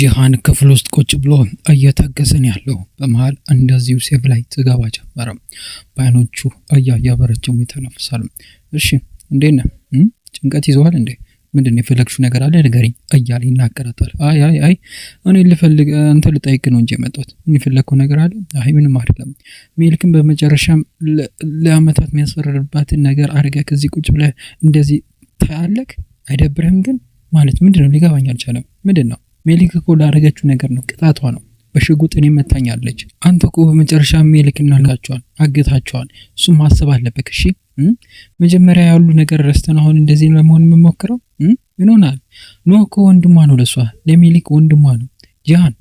ጂሃን ክፍል ውስጥ ቁጭ ብሎ እየታገሰን ያለው በመሀል እንደዚሁ ሴፍ ላይ ትገባ ጀመረ። በአይኖቹ እያበረቸሙ ይተነፍሳል። እሺ እንዴት ነህ? ጭንቀት ይዘዋል እንዴ? ምንድን የፈለግሽው ነገር አለ ንገሪኝ እያለ ይናገራታል። አይ አይ አይ እኔ ልፈልግ አንተ ልጠይቅ ነው እንጂ የመጣሁት የፈለግከው ነገር አለ? አይ ምንም አይደለም። ሜልክም በመጨረሻም ለአመታት የሚያስፈርድባትን ነገር አድርገህ ከዚህ ቁጭ ብለህ እንደዚህ ታያለህ አይደብርህም? ግን ማለት ምንድን ነው ሊገባኝ አልቻለም። ምንድን ነው ሜሊክ እኮ ላደረገችው ነገር ነው ቅጣቷ ነው። በሽጉጥ እኔ መታኛለች። አንተ እኮ በመጨረሻ ሜሊክ ልካቸዋል አገታቸዋል። እሱም ማሰብ አለበት። እሺ መጀመሪያ ያሉ ነገር ረስተን አሁን እንደዚህ ለመሆን የምሞክረው ምን ሆናል? ኖህ እኮ ወንድሟ ነው፣ ለሷ ለሜሊክ ወንድሟ ነው። ጃሃን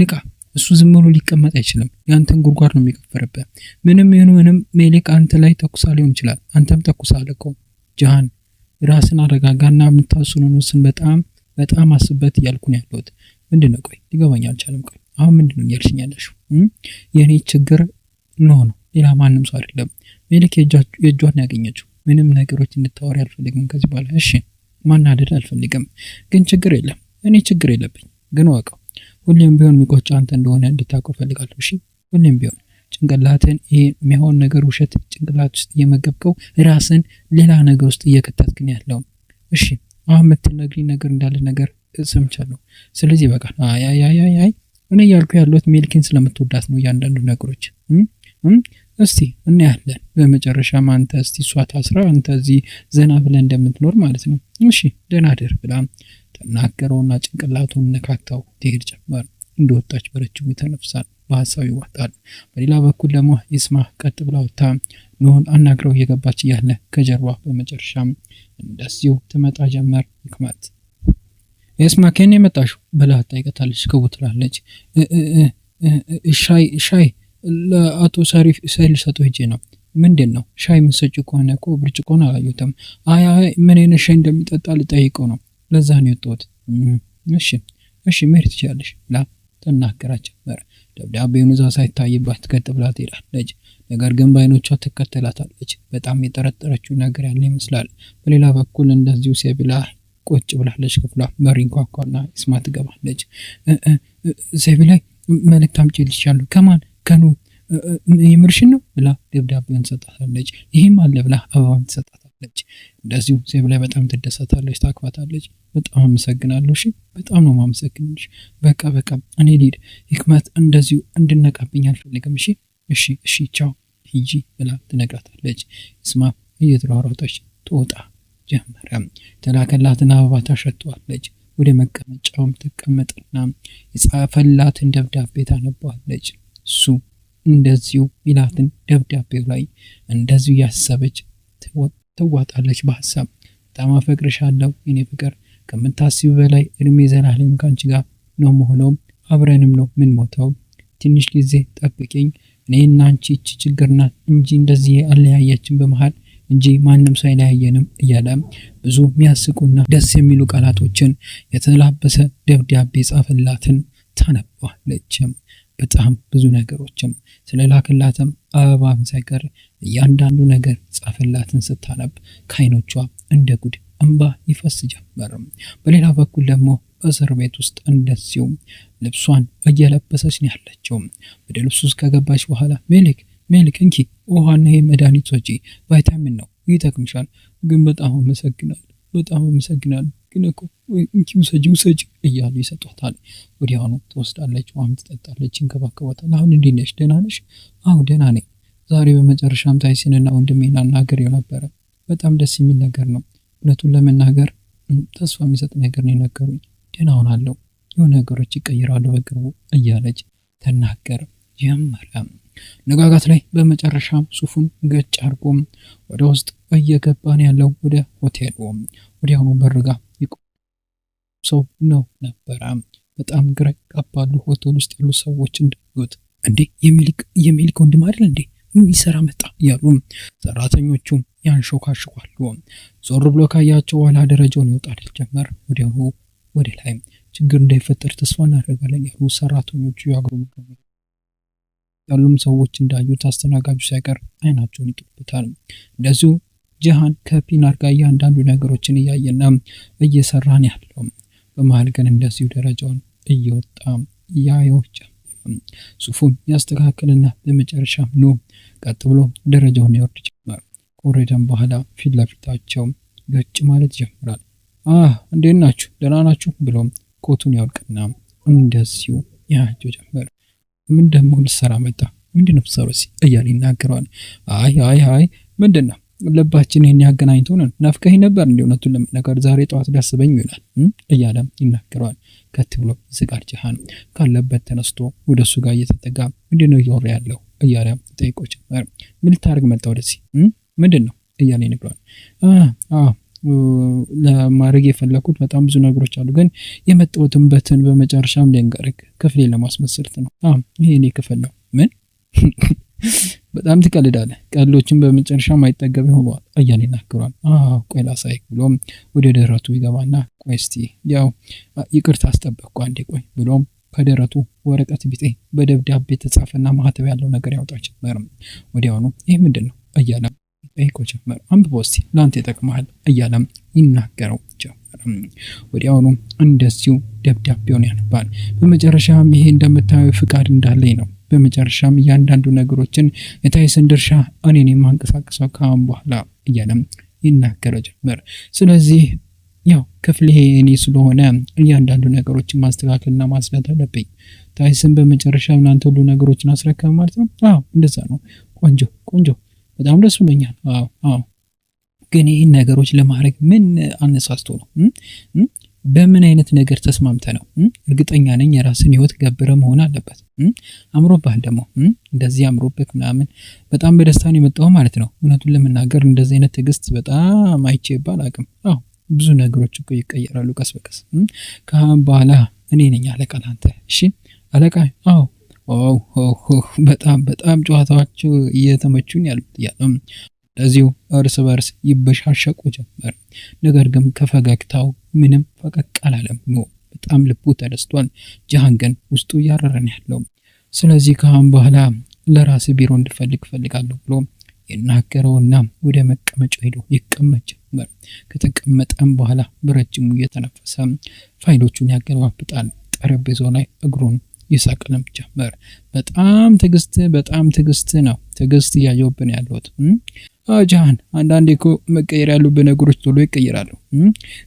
ንቃ። እሱ ዝም ብሎ ሊቀመጥ አይችልም። የአንተን ጉድጓድ ነው የሚቀፈርበት። ምንም ይሁን ምንም ሜሊክ አንተ ላይ ተኩሳ ሊሆን ይችላል። አንተም ተኩሳ አለቀው። ጃሃን ራስን አረጋጋና የምታስኑን ውስን በጣም በጣም አስበት እያልኩ ነው ያለሁት። ምንድን ነው ቆይ ሊገባኝ አልቻለም። ቆይ አሁን ምንድን ነው እያልሽኝ ያለሽው? የእኔ ችግር ኖ ነው፣ ሌላ ማንም ሰው አይደለም። ሜልክ የእጇን ያገኘችው ምንም ነገሮች እንድታወሪ አልፈልግም ከዚህ በኋላ እሺ። ማናደድ አልፈልግም፣ ግን ችግር የለም እኔ ችግር የለብኝ። ግን ወቀው ሁሌም ቢሆን የሚቆጭ አንተ እንደሆነ እንድታውቀው ፈልጋለሁ። እሺ ሁሌም ቢሆን ጭንቅላትን ይሄ የሚሆን ነገር ውሸት ጭንቅላት ውስጥ እየመገብከው ራስን ሌላ ነገር ውስጥ እየከተትክን ያለው እሺ አሁን የምትነግሪኝ ነገር እንዳለ ነገር ሰምቻለሁ። ስለዚህ በቃ አይ እኔ እያልኩ ያለሁት ሜልኪን ስለምትወዳት ነው እያንዳንዱ ነገሮች። እስቲ እናያለን። በመጨረሻም አንተ እስቲ እሷ ታስራ አንተ እዚህ ዘና ብለን እንደምትኖር ማለት ነው። እሺ ደህና ደር ብላ ተናገረውና ጭንቅላቱን ነካካው ትሄድ ጀመር። እንደወጣች በረጅሙ ተነፍሳል፣ በሀሳብ ይዋጣል። በሌላ በኩል ደግሞ ይስማ ቀጥ ብላ ወታ ኖህን አናግረው እየገባች እያለ ከጀርባ በመጨረሻም እንደዚሁ ትመጣ ጀመር ህክመት። የስማኬን የመጣሹ ብላ ትጠይቃታለች። ክቡ ትላለች። ሻይ ሻይ ለአቶ ሳሪፍ ሻይ ልሰጠው ሄጄ ነው። ምንድን ነው ሻይ የምትሰጪው ከሆነ እኮ ብርጭቆን አላዩትም አይ አይ ምን አይነት ሻይ እንደሚጠጣ ልጠይቀው ነው፣ ለዛ የወጥወት እሺ እሺ ምሄድ ትችላለሽ ብላ ተናገራች ጀመር። ደብዳቤውን እዛ ሳይታይባት ቀጥ ብላ ትሄዳለች። ነገር ግን በአይኖቿ ትከተላታለች። በጣም የጠረጠረችው ነገር ያለ ይመስላል። በሌላ በኩል እንደዚሁ ሴቢላ ቁጭ ብላለች። ክፍሏ በሪ ይንኳኳና ስማ ትገባለች። ሴቢላ መልእክት አምጪልሻለሁ። ከማን ከኑ የምርሽን ነው ብላ ደብዳቤውን ትሰጣታለች። ይህም አለ ብላ አበባም ትሰጣታለች። ነች። እንደዚሁ ዜብ ላይ በጣም ትደሰታለች፣ ታክባታለች። በጣም አመሰግናለሁ። እሺ በጣም ነው ማመሰግንሽ። በቃ በቃ እኔ ልሂድ። ህክመት እንደዚሁ እንድነቃብኝ አልፈልግም። እሺ እሺ እሺ ቻው ሂጂ ብላ ትነግራታለች። ስማ እየተሯሯጠች ትወጣ ጀመረ። የተላከላትን አበባ ታሸተዋለች። ወደ መቀመጫውም ትቀመጥና የጻፈላትን ደብዳቤ ታነባለች እሱ እንደዚሁ ሚላትን ደብዳቤው ላይ እንደዚሁ ያሰበች ትወጣ ትዋጣለች በሀሳብ በጣም አፈቅርሻለሁ የኔ ፍቅር ከምታስቢ በላይ እድሜ ዘላለም ካንቺ ጋር ነው መሆነው አብረንም ነው ምን ሞተው ትንሽ ጊዜ ጠብቂኝ እኔና አንቺ እቺ ችግር ናት እንጂ እንደዚህ አለያያችን በመሀል እንጂ ማንም ሰው አይለያየንም እያለ ብዙ የሚያስቁና ደስ የሚሉ ቃላቶችን የተላበሰ ደብዳቤ ጻፈላትን ታነባለችም። በጣም ብዙ ነገሮችም ስለላክላትም አበባም ሳይቀር እያንዳንዱ ነገር ጻፈላትን ስታነብ ከአይኖቿ እንደ ጉድ እንባ ይፈስ ጀመር። በሌላ በኩል ደግሞ እስር ቤት ውስጥ እንደዚሁ ልብሷን እየለበሰች ነው ያለችው። ወደ ልብሱ ውስጥ ከገባች በኋላ ሜሊክ ሜሊክ፣ እንኪ ውሃና ይህ መድኃኒት፣ ቫይታሚን ነው ይጠቅምሻል። ግን በጣም አመሰግናል፣ በጣም አመሰግናል ግን እኮ እንኪ ውሰጂ ውሰጂ እያሉ ይሰጡታል ወዲያውኑ ትወስዳለች፣ ውሃም ትጠጣለች፣ ይንከባከቧታል። አሁን እንዴት ነሽ? ደህና ነሽ? አዎ ደህና ነኝ። ዛሬ በመጨረሻም ታይሲንና ወንድሜ ናገር ነበረ። በጣም ደስ የሚል ነገር ነው። እውነቱን ለመናገር ተስፋ የሚሰጥ ነገር ነው የነገሩኝ። ደህና ሆናለሁ፣ የሆነ ነገሮች ይቀይራሉ በቅርቡ እያለች ተናገር ጀመረ። ነጋጋት ላይ በመጨረሻም ሱፉን ገጭ አድርጎም ወደ ውስጥ እየገባን ያለው ወደ ሆቴሉ ወዲያውኑ በርጋ ሰው ነው ነበረ። በጣም ግራ ይጋባሉ። ሆቴል ውስጥ ያሉ ሰዎች እንዳዩት እንዴ የሚልክ ወንድም አይደል እንዴ ምን ይሰራ መጣ እያሉ ሰራተኞቹም ያንሾካሽኳሉ። ዞር ብሎ ካያቸው ኋላ ደረጃውን ይወጣል ጀመር። ወዲያውኑ ወደ ላይ ችግር እንዳይፈጠር ተስፋ እናደርጋለን ያሉ ሰራተኞቹ ያግሩ ያሉም ሰዎች እንዳዩት አስተናጋጁ ሳይቀር አይናቸውን ይጥሉበታል። እንደዚሁ ጂሃን ከፒናር ጋር እያንዳንዱ ነገሮችን እያየና እየሰራን ያለው በመሀል ግን እንደዚሁ ደረጃውን እየወጣ ያየው ሱፉን ያስተካክልና በመጨረሻ ኖ ቀጥ ብሎ ደረጃውን ያወርድ ጀመር። ከወረደም በኋላ ፊት ለፊታቸው ገጭ ማለት ይጀምራል። አህ እንዴት ናችሁ? ደህና ናችሁ? ብሎ ኮቱን ያውልቅና እንደዚሁ ያያቸው ጀመር። ምን ደግሞ ልሰራ መጣ? ምንድነው ሰሮሲ እያል ይናገረዋል። አይ አይ አይ ምንድን ነው ልባችን ይህን ያገናኝቶ ነን። ናፍቀህ ነበር እንዲ እውነቱን ለመናገር ዛሬ ጠዋት ዳስበኝ ይሆናል እያለም ይናገረዋል። ከት ብሎ ዝጋር ጃሃን ካለበት ተነስቶ ወደ እሱ ጋር እየተጠጋ ምንድን ነው እያወራ ያለው እያለም ጠይቆ ጀመር። ምን ልታደርግ መጣ ወደዚህ ምንድን ነው እያለ ይነግረዋል። ለማድረግ የፈለኩት በጣም ብዙ ነገሮች አሉ፣ ግን የመጣሁትን በትን በመጨረሻም ልንገርህ ክፍሌ ለማስመሰልት ነው። ይሄ እኔ ክፍል ነው ምን በጣም ትቀልዳለ። ቀልዶችን በመጨረሻ ማይጠገብ ሆኗል እያለ ይናገሯል። ቆይ ላሳይክ ብሎም ወደ ደረቱ ይገባና ቆይ እስቲ ያው ይቅርታ አስጠበቅኩ አንዴ ቆይ ብሎም ከደረቱ ወረቀት ቢጤ በደብዳቤ የተጻፈና ማህተብ ያለው ነገር ያውጣ ጀመር። ወዲያውኑ ይህ ምንድን ነው እያለም ጠይቆ ጀመር። አንብበው እስቲ ለአንተ ይጠቅመሃል እያለም ይናገረው ጀመር። ወዲያውኑ እንደዚሁ ደብዳቤውን ያነባል። በመጨረሻም ይሄ እንደምታየው ፍቃድ እንዳለኝ ነው በመጨረሻም እያንዳንዱ ነገሮችን የታይሰን ድርሻ እኔን የማንቀሳቀሰው ከአሁን በኋላ እያለም ይናገረው ጀመር። ስለዚህ ያው ክፍል እኔ ስለሆነ እያንዳንዱ ነገሮችን ማስተካከልና ማስረት አለብኝ። ታይሰን በመጨረሻ እናንተ ሁሉ ነገሮችን አስረካ ማለት ነው። አዎ እንደዛ ነው። ቆንጆ ቆንጆ፣ በጣም ደስ ብሎኛል። አዎ አዎ ግን ይህን ነገሮች ለማድረግ ምን አነሳስቶ ነው? በምን አይነት ነገር ተስማምተ ነው? እርግጠኛ ነኝ የራስን ህይወት ገብረ መሆን አለበት። አምሮብህ ደግሞ እንደዚህ አምሮብህ ምናምን በጣም በደስታ ነው የመጣው ማለት ነው። እውነቱን ለመናገር እንደዚህ አይነት ትዕግስት በጣም ይባል አቅም። አዎ ብዙ ነገሮች እኮ ይቀየራሉ ቀስ በቀስ። ከአሁን በኋላ እኔ ነኝ አለቃ አንተ። እሺ አለቃ። አዎ በጣም በጣም ጨዋታዎቹ እየተመቹን ያሉት እያለም እንደዚሁ እርስ በርስ ይበሻሸቁ ጀመር። ነገር ግን ከፈገግታው ምንም ፈቀቅ አላለም ነው። በጣም ልቡ ተደስቷል። ጃሃን ግን ውስጡ እያረረን ያለው ስለዚህ ከአሁን በኋላ ለራስ ቢሮ እንድፈልግ እፈልጋለሁ ብሎ የናገረውና ወደ መቀመጫ ሄዶ ይቀመጥ ጀመር። ከተቀመጠም በኋላ በረጅሙ እየተነፈሰ ፋይሎቹን ያገለባብጣል። ጠረጴዛው ላይ እግሩን ይሳቅንም ጀመር። በጣም ትግስት በጣም ትግስት ነው። ትግስት እያየሁብን ያለሁት ጃሃን፣ አንዳንዴ እኮ መቀየር ያሉብን ነገሮች ቶሎ ይቀየራሉ።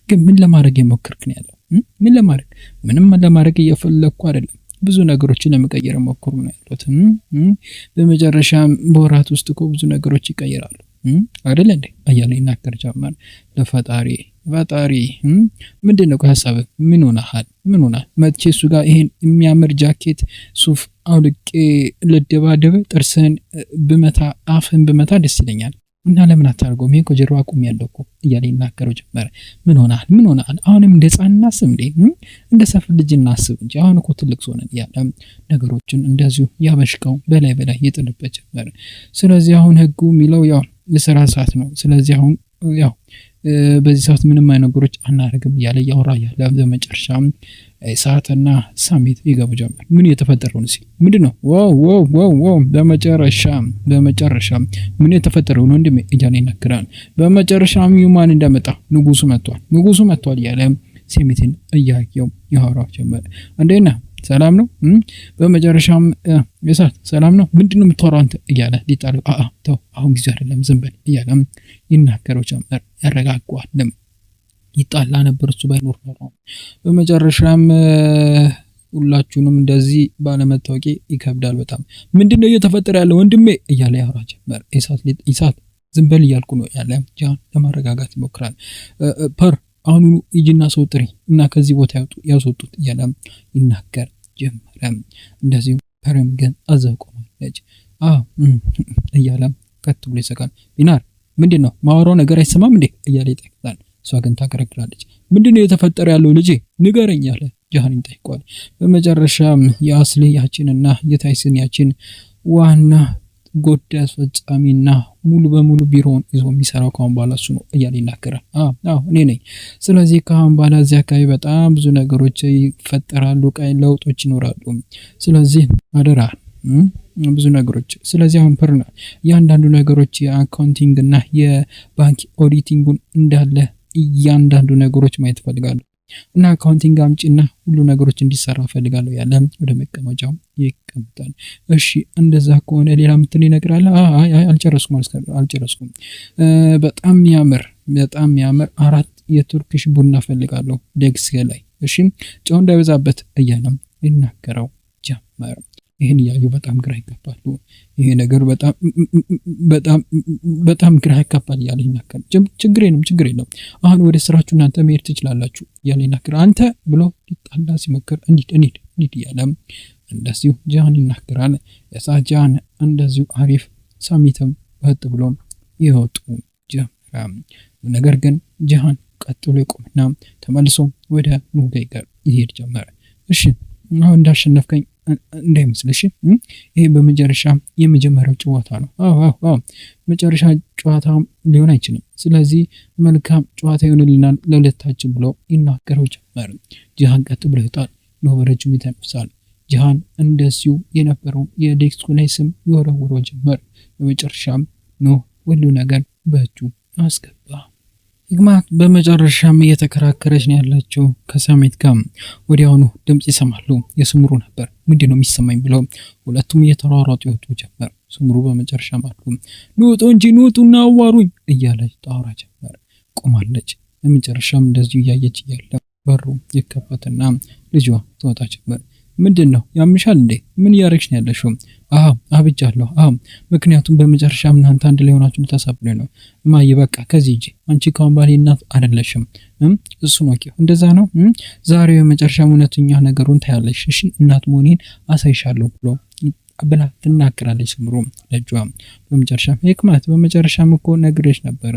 ግን ምን ለማድረግ የሞከርክ ነው ያለው? ምን ለማድረግ ምንም ለማድረግ እየፈለግኩ አይደለም። ብዙ ነገሮችን ለመቀየር ሞክሩ ነው ያሉት። በመጨረሻ በወራት ውስጥ እኮ ብዙ ነገሮች ይቀየራሉ አይደል እንዴ እያለ ይናገር ጀመር ለፈጣሪ ፈጣሪ ምንድን ነው ሀሳብ? ምን ሆነሃል? ምን ሆነ መቼ እሱ ጋር ይሄን የሚያምር ጃኬት ሱፍ አውልቄ ልደባደብ፣ ጥርስህን ብመታ፣ አፍህን ብመታ ደስ ይለኛል። እና ለምን አታደርገውም? ይሄን ከጀርባ ቁም ያለው እኮ እያለ ይናገረው ጀመረ። ምን ሆነሃል? ምን ሆነሃል? አሁንም እንደ ሕፃን እናስብ እንዴ፣ እንደ ሰፍ ልጅ እናስብ እንጂ አሁን እኮ ትልቅ ሰው ነን እያለ ነገሮችን እንደዚሁ ያበሽቀው በላይ በላይ ይጥልበት ጀመረ። ስለዚህ አሁን ህጉ የሚለው ያው የስራ ሰዓት ነው። ስለዚህ አሁን ያው በዚህ ሰዓት ምንም አይ ነገሮች አናደርግም እያለ እያወራ ያለ በመጨረሻም ሰዓትና ሳሜት ይገቡ ጀመር። ምን የተፈጠረውን ሲ ምንድን ነው ዋው በመጨረሻ በመጨረሻ ምን የተፈጠረው ነው ወንድሜ እያለ ይነግራል። በመጨረሻ ዩማን እንደመጣ ንጉሱ መጥቷል፣ ንጉሱ መጥቷል እያለ ሴሜትን እያየው ያወራ ጀመር። እንዴና ሰላም ነው። በመጨረሻም እሳት ሰላም ነው ምንድነው የምታወራው አንተ እያለ ሊጣሉ ተው አሁን ጊዜ አይደለም ዝም በል እያለ ይናገረው ጀመር። ያረጋጓልም ይጣላ ነበር እሱ ባይኖር ነው። በመጨረሻም ሁላችሁንም እንደዚህ ባለመታወቂ ይከብዳል በጣም ምንድነው እየተፈጠረ ያለ ወንድሜ እያለ ያወራ ጀመር። ኢሳት ዝም በል እያልኩ ነው ያለ ጃን ለማረጋጋት ይሞክራል። ፐር አሁኑ ይጅና ሰው ጥሪ እና ከዚህ ቦታ ያስወጡት እያለም ይናገር ጀመረ። እንደዚሁም ፐሬም ግን አዘብ ቆማለች። እያለም ከት ብሎ ይሰቃል። ቢናር ምንድን ነው ማወራው ነገር አይሰማም እንዴ እያለ ይጠይቃል። እሷ ግን ታገረግራለች። ምንድን ነው የተፈጠረ ያለው ልጄ ንገረኝ ያለ ጃሃንም ጠይቋል። በመጨረሻም የአስሊ ያችንና የታይስን ያችን ዋና ጎዳ አስፈጻሚና ሙሉ በሙሉ ቢሮውን ይዞ የሚሰራው ካሁን በኋላ እሱ ነው እያለ ይናገራል። እኔ ነኝ። ስለዚህ ከአሁን በኋላ እዚህ አካባቢ በጣም ብዙ ነገሮች ይፈጠራሉ፣ ቀይ ለውጦች ይኖራሉ። ስለዚህ አደራ ብዙ ነገሮች ስለዚህ አሁን ፐርና እያንዳንዱ ነገሮች የአካውንቲንግ እና የባንክ ኦዲቲንጉን እንዳለ እያንዳንዱ ነገሮች ማየት ይፈልጋሉ። እና አካውንቲንግ አምጪና ሁሉ ነገሮች እንዲሰራ ፈልጋለሁ ያለ ወደ መቀመጫው ይቀምጣል። እሺ እንደዛ ከሆነ ሌላ ምትል ይነግራለ። አልጨረስኩም አልጨረስኩም። በጣም የሚያምር በጣም የሚያምር አራት የቱርክሽ ቡና ፈልጋለሁ ደግስ ላይ እሺ፣ ጨው እንዳይበዛበት እያለም ይናገረው ጀመር። ይህን እያዩ በጣም ግራ ይጋባሉ። ይሄ ነገር በጣም ግራ ይጋባል እያለ ይናገር። ችግር የለም ችግር የለም አሁን ወደ ስራችሁ እናንተ መሄድ ትችላላችሁ እያለ ይናገር። አንተ ብሎ ሊጣላ ሲሞክር እንሂድ እንሂድ እንሂድ እያለ እንደዚሁ ጃን ይናገራል። የሳ ጃን እንደዚሁ አሪፍ ሳሚትም በጥ ብሎ ይወጡ ጀመረ። ነገር ግን ጃን ቀጥሎ ይቆምና ተመልሶ ወደ ጋር ይሄድ ጀመረ። እሺ አሁን እንዳሸነፍከኝ እንዳይመስልሽ ይሄ በመጨረሻ የመጀመሪያው ጨዋታ ነው። መጨረሻ ጨዋታ ሊሆን አይችልም። ስለዚህ መልካም ጨዋታ ይሆንልናል ለሁለታችን ብሎ ይናገረው ጀመር። ጂሃን ቀጥ ብሎ ይወጣል፣ ለወረጅም ይተነፍሳል። ጂሃን እንደዚሁ የነበረው የዴክስኩ ላይ ስም ይወረውረው ጀመር። በመጨረሻም ኖህ ሁሉ ነገር በእጁ አስገባ። ሂክማት በመጨረሻም እየተከራከረች ነው ያለችው ከሳሜት ጋር። ወዲያውኑ ድምፅ ይሰማሉ። የስምሩ ነበር። ምንድን ነው የሚሰማኝ ብለው ሁለቱም እየተሯሯጡ ይወጡ ጀመር። ስምሩ በመጨረሻ አሉ፣ ንውጡ እንጂ ንውጡና አዋሩኝ እያለች ጣራ ጀመር። ቆማለች። በመጨረሻም እንደዚሁ እያየች እያለ በሩ ይከፈትና ልጇ ትወጣ ጀመር። ምንድን ነው ያምሻል እንዴ? ምን እያረግሽ ነው ያለሽው? አሀ አብጃለሁ። አሀ ምክንያቱም በመጨረሻ እናንተ አንድ ላይ ሆናችሁ ልታሳብዱ ነው። እማዬ በቃ ከዚህ ሂጂ። አንቺ ካሁን ባሌ እናት አይደለሽም። እሱ ነው እንደዛ ነው። ዛሬው የመጨረሻ እውነተኛ ነገሩን ታያለሽ። እሺ እናት መሆኔን አሳይሻለሁ ብሎ ብላ ትናገራለች። ስምሩ ለጇ በመጨረሻ ህክማት በመጨረሻም እኮ ነግሬሽ ነበረ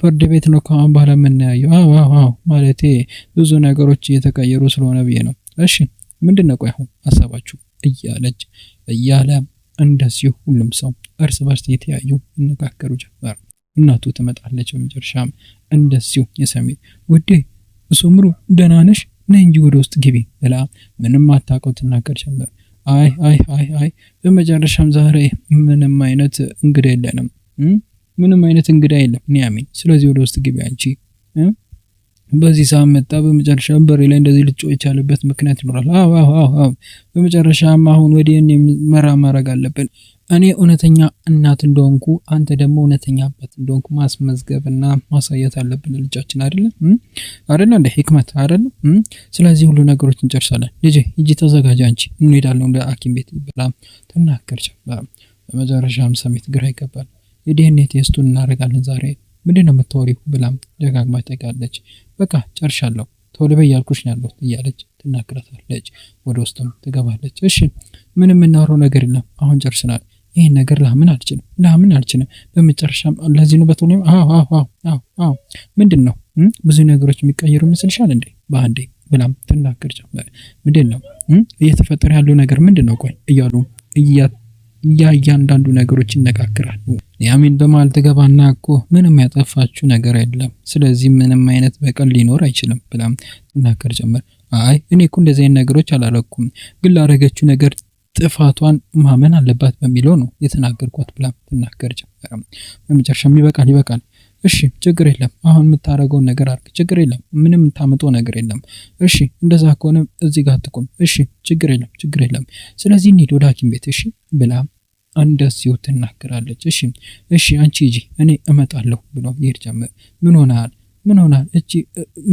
ፍርድ ቤት ነው ካሁን በኋላ የምናያየው። አዎ አዎ ማለቴ ብዙ ነገሮች እየተቀየሩ ስለሆነ ብዬ ነው። እሺ ምንድን ነው ቆይ አሁን አሳባችሁ እያለች እያለ እንደዚሁ ሁሉም ሰው እርስ በርስ የተያዩ ይነጋገሩ ጀመር። እናቱ ትመጣለች። በመጨረሻም እንደዚሁ የሰሜ ውዴ ሱምሩ ደህና ነሽ? ነይ እንጂ ወደ ውስጥ ግቢ ብላ ምንም አታውቀው ትናገር ጀመር። አይ አይ አይ አይ በመጨረሻም ዛሬ ምንም አይነት እንግዳ የለንም፣ ምንም አይነት እንግዳ የለም ኒያሚን። ስለዚህ ወደ ውስጥ ግቢ አንቺ በዚህ ሳም መጣ። በመጨረሻ በሬ ላይ እንደዚህ ልጮ የቻለበት ምክንያት ይኖራል። አዎ አዎ አዎ። በመጨረሻም አሁን ወዲህን መራ ማድረግ አለብን። እኔ እውነተኛ እናት እንደሆንኩ፣ አንተ ደግሞ እውነተኛ አባት እንደሆንኩ ማስመዝገብና ማሳየት አለብን። ልጃችን አይደለም አይደለ? እንደ ህክመት አይደለ? ስለዚህ ሁሉ ነገሮች እንጨርሳለን። ልጅ ሂጂ ተዘጋጅ፣ አንቺ እንሄዳለን ወደ ሐኪም ቤት በጣም ተናገርች። በመጨረሻም ሰሜት ግራ ይገባል። የዲኤንኤ ቴስቱን እናደርጋለን ዛሬ ምንድን ነው የምታወሪው? ብላም ደጋግማ ጠቃለች። በቃ ጨርሻለሁ ቶሎ በይ እያልኩሽ ነው ያለሁት እያለች ትናገራታለች። ወደ ውስጥም ትገባለች። እሺ ምን የምናወራው ነገር የለም አሁን ጨርስናል። ይህን ነገር ላምን አልችልም፣ ላምን አልችልም። በመጨረሻም ለዚህ ነው በቶሎ አዎ፣ ምንድን ነው ብዙ ነገሮች የሚቀየሩ ይመስልሻል እንዴ በአንዴ ብላም ትናገር ጀመር። ምንድን ነው እየተፈጠረ ያለው ነገር ምንድን ነው? ቆይ እያሉ እያ እያንዳንዱ ነገሮች ይነጋግራሉ። ኑሐሚን በመሃል ትገባና እኮ ምንም ያጠፋችው ነገር የለም፣ ስለዚህ ምንም አይነት በቀል ሊኖር አይችልም ብላም ትናገር ጀመር። አይ እኔ እኮ እንደዚህ አይነት ነገሮች አላረኩም፣ ግን ላረገችው ነገር ጥፋቷን ማመን አለባት በሚለው ነው የተናገርኳት ብላም ትናገር ጀመር። በመጨረሻም ይበቃል ይበቃል እሺ ችግር የለም። አሁን የምታደርገውን ነገር አድርግ፣ ችግር የለም። ምንም የምታመጣው ነገር የለም። እሺ እንደዛ ከሆነ እዚህ ጋር ትቁም። እሺ ችግር የለም፣ ችግር የለም። ስለዚህ እንሂድ ወደ ሐኪም ቤት እሺ ብላ አንዳስ ሲው ትናገራለች። እሺ እሺ አንቺ ሂጂ እኔ እመጣለሁ ብሎ ይሄድ ጀመር። ምን ሆናል? ምን ሆናል? እቺ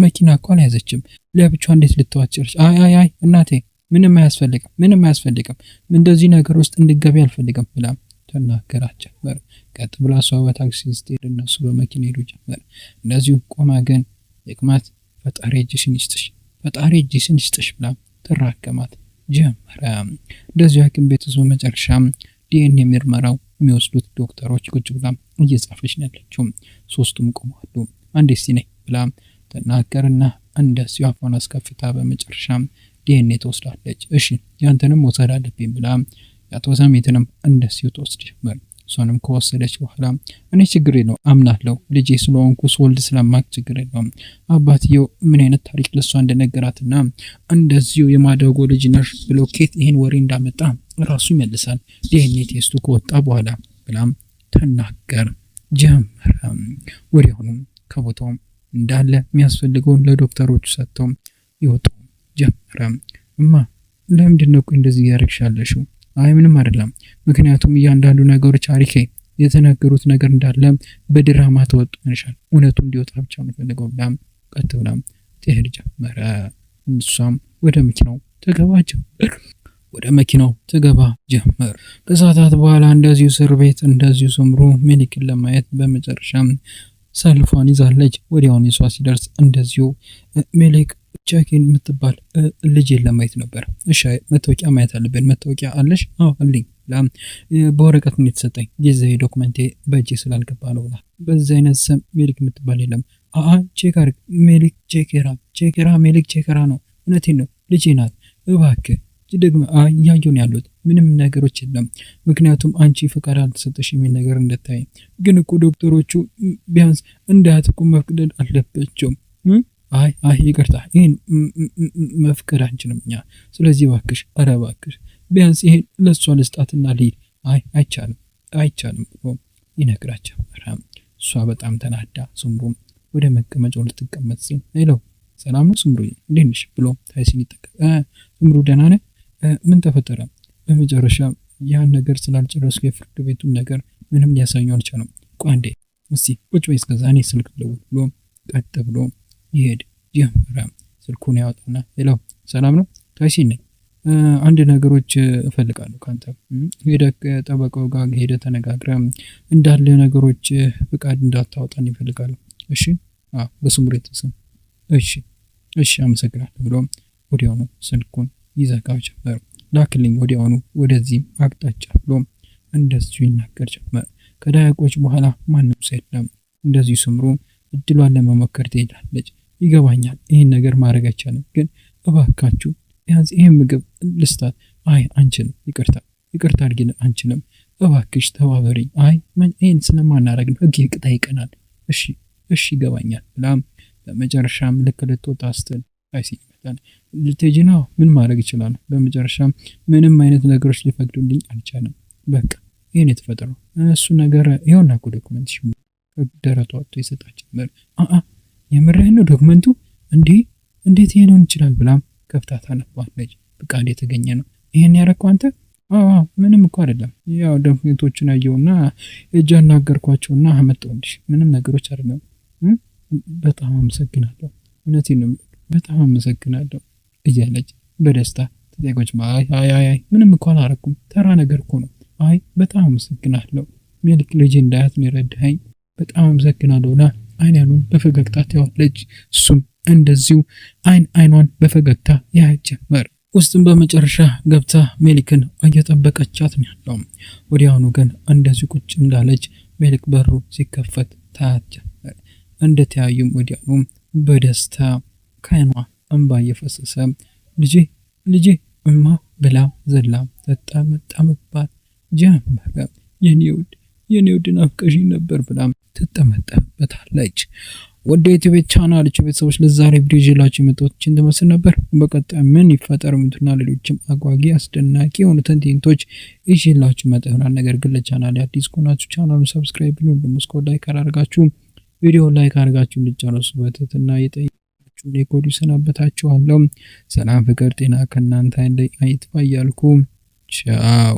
መኪና እኮ አልያዘችም። ለብቻ እንዴት ልተዋችልሽ? አይ አይ አይ እናቴ ምንም አያስፈልግም፣ ምንም አያስፈልግም፣ እንደዚህ ነገር ውስጥ እንድገቢ አልፈልግም ብላ ተናገራት ጀመር። ቀጥ ብላ እሷ በታክሲ ስትሄድ እነሱ በመኪና ሄዱ ጀመር። እንደዚሁ ቆማ ግን የቅማት ፈጣሪ እጅሽን ይስጥሽ፣ ፈጣሪ እጅሽን ይስጥሽ ብላ ትራከማት ጀመረ። እንደዚሁ ሐኪም ቤት መጨረሻ ዲኤንኤ ምርመራው የሚወስዱት ዶክተሮች ቁጭ ብላ እየጻፈች ነው ያለችው። ሶስቱም ቆመዋሉ። አንዴ ሲነ ብላ ተናገርና እንደ ሲዋፋን አፏን አስከፍታ በመጨረሻ ዲኤንኤ ትወስዳለች። እሺ ያንተንም መውሰድ አለብኝ ብላ የአቶ ሳሜትንም እንደ ሲሁ ትወስድ ጀመር። እሷንም ከወሰደች በኋላ እኔ ችግር የለው አምናለሁ፣ ልጄ ስለሆንኩ ስወልድ ስለማቅ ችግር የለውም። አባትየው ምን አይነት ታሪክ ለእሷ እንደነገራትና እንደዚሁ የማደጎ ልጅ ነሽ ብሎ ኬት ይህን ወሬ እንዳመጣ ራሱ ይመልሳል ዲኤንኤ ቴስቱ ከወጣ በኋላ ብላም ተናገር ጀመረ። ወዲያውኑም ከቦታው እንዳለ የሚያስፈልገውን ለዶክተሮቹ ሰጥተው ይወጡ ጀመረ። እማ ለምንድን ነው እንደዚህ ያደርግሻለሽው? አይ ምንም አይደለም። ምክንያቱም እያንዳንዱ ነገሮች አሪኬ የተናገሩት ነገር እንዳለ በድራማ ተወጡ ይሻል፣ እውነቱ እንዲወጣ ብቻ የምፈልገው ብላም ቀጥ ብላም ትሄድ ጀመረ። እሷም ወደ መኪናው ተገባ ጀመር። ወደ መኪናው ትገባ ጀመር። ከሰዓታት በኋላ እንደዚሁ እስር ቤት እንደዚሁ ስምሩ ሜሊክን ለማየት በመጨረሻም ሰልፏን ይዛለች። ወዲያውን የሷ ሲደርስ እንደዚሁ ሜሊክ ጃኪን የምትባል ልጅን ለማየት ነበር። እሺ መታወቂያ ማየት አለብን። መታወቂያ አለሽ? አዎ አለኝ። በወረቀት ነው የተሰጠኝ የዚ ዶክመንቴ በእጅ ስላልገባ ነው ብላ በዚ አይነት ስም ሜሊክ የምትባል የለም። አ ቼክ ሜሊክ ቼኬራ ቼኬራ ሜሊክ ቼኬራ ነው። እውነቴን ነው ልጄ ናት እባክህ ደግሞ እያየሁ ነው ያሉት ምንም ነገሮች የለም። ምክንያቱም አንቺ ፍቃድ አልተሰጠሽ የሚል ነገር እንደታይ ግን እኮ ዶክተሮቹ ቢያንስ እንዳያት መፍቅደል መፍቀደል አይ አይ ይቅርታ፣ ይህን መፍቀድ አንችልም እኛ። ስለዚህ እባክሽ፣ ኧረ እባክሽ ቢያንስ ይህን ለእሷ ልስጣትና ልሂድ። አይ አይቻልም፣ አይቻልም ብሎ ይነግራት ጀመረ። እሷ በጣም ተናዳ፣ ስምሩም ወደ መቀመጫው ልትቀመጥ ሲል ሄሎ፣ ሰላም ነው ስምሩ፣ እንዴት ነሽ ብሎ ታይሲን ይጠቀ ስምሩ ደህና ነህ ምን ተፈጠረ? በመጨረሻ ያን ነገር ስላልጨረስኩ የፍርድ ቤቱን ነገር ምንም ሊያሳኙ አልቻለም። ቋንዴ እስቲ ቁጭ በይ እስከዛ እኔ ስልክ ልደውል ብሎ ቀጥ ብሎ ይሄድ ጀመረ። ስልኩን ያወጣና ሄሎ፣ ሰላም ነው ታይሲ ነኝ። አንድ ነገሮች እፈልጋለሁ ከአንተ ሄደ ጠበቀው ጋር ሄደ ተነጋግረ እንዳለ ነገሮች ፍቃድ እንዳታወጣን ይፈልጋሉ። እሺ በሱምሬት ስም እሺ፣ እሺ አመሰግናለሁ ብሎ ወዲያውኑ ስልኩን ይዘጋው ጀመር። ላክልኝ ወዲያውኑ ወደዚህም አቅጣጫ ብሎም እንደዚሁ ይናገር ጀመር። ከዳያቆች በኋላ ማንም ሰው የለም። እንደዚህ ስምሩ እድሏን ለመሞከር ትሄዳለች። ይገባኛል፣ ይህን ነገር ማድረግ አይቻልም፣ ግን እባካችሁ ቢያንስ ይህን ምግብ ልስታት። አይ አንችልም፣ ይቅርታ ይቅርታ አድርጊልን፣ አንችልም፣ እባክሽ ተባበሪ። አይ ይህን ስለማናረግ ነው ህግ ይቅጣ ይቀናል። እሺ እሺ፣ ይገባኛል ብላም በመጨረሻም ልክ ልትወጣ ስትል አይሲ ልትሄጂ ነው? ምን ማድረግ ይችላል? በመጨረሻም ምንም አይነት ነገሮች ሊፈቅዱልኝ አልቻለም። በቃ ይህን የተፈጠረው እሱ ነገር ይኸውና ኮ ዶክመንት ደረቷ ወጥቶ የሰጣት ጀመር። የምርህን ነው ዶክመንቱ? እንዲህ እንዴት ይሄ ይችላል? ብላም ከፍታታ ነባለች። ብቃ እንዴ የተገኘ ነው ይህን ያረግከው አንተ? ምንም እኮ አይደለም። ያው ዶክመንቶችን አየውና እጅ አናገርኳቸውና አመጣሁልሽ። ምንም ነገሮች አይደለም። በጣም አመሰግናለሁ። እውነቴን ነው። በጣም አመሰግናለሁ እያለች በደስታ ተጠቆች። አይ አይ አይ ምንም እኮ አላረኩም፣ ተራ ነገር እኮ ነው። አይ በጣም አመሰግናለሁ ሜልክ ልጅ እንዳያት ነው በጣም አመሰግናለሁ ብላ አይን አይኗን በፈገግታ ታያለች። እሱም እንደዚሁ አይን አይኗን በፈገግታ ያያት ጀመር። ውስጥም በመጨረሻ ገብታ ሜሊክን እየጠበቀቻት ነው ያለው። ወዲያውኑ ግን እንደዚሁ ቁጭ እንዳለች ሜሊክ በሩ ሲከፈት ታያት ጀመር። እንደተያዩም ወዲያውኑ በደስታ ከዓይኗ እንባ እየፈሰሰ ልጄ ልጄ እማ ብላ ዘላ መጣምባት ጀመረ። የኔ ውድ የኔ ውድ ናፍቀሽኝ ነበር ብላ ትጠመጠምበታለች። ወደ ዩቲዩብ ቻናል ቤተሰቦች ለዛሬ ቪዲዮ ይዤላችሁ የመጣሁት ትመስል ነበር። በቀጣይ ምን ይፈጠር የሚሉትና ሌሎችም አጓጊ አስደናቂ የሆኑ ትዕይንቶች ይዤላችሁ መጣ ነገር ግን ለቻናል አዲስ ከሆናችሁ ቻናሉን ሰብስክራይብ ቢሆን ደሞስኮ ላይክ አድርጋችሁ ቪዲዮ ላይክ አድርጋችሁ ልትጨርሱ በትህትና እየጠየቅኩ ከፊታችሁ ሊጎዱ ሰናበታችኋለሁ። ሰላም፣ ፍቅር፣ ጤና ከእናንተ አይጥፋ እያልኩ ቻው።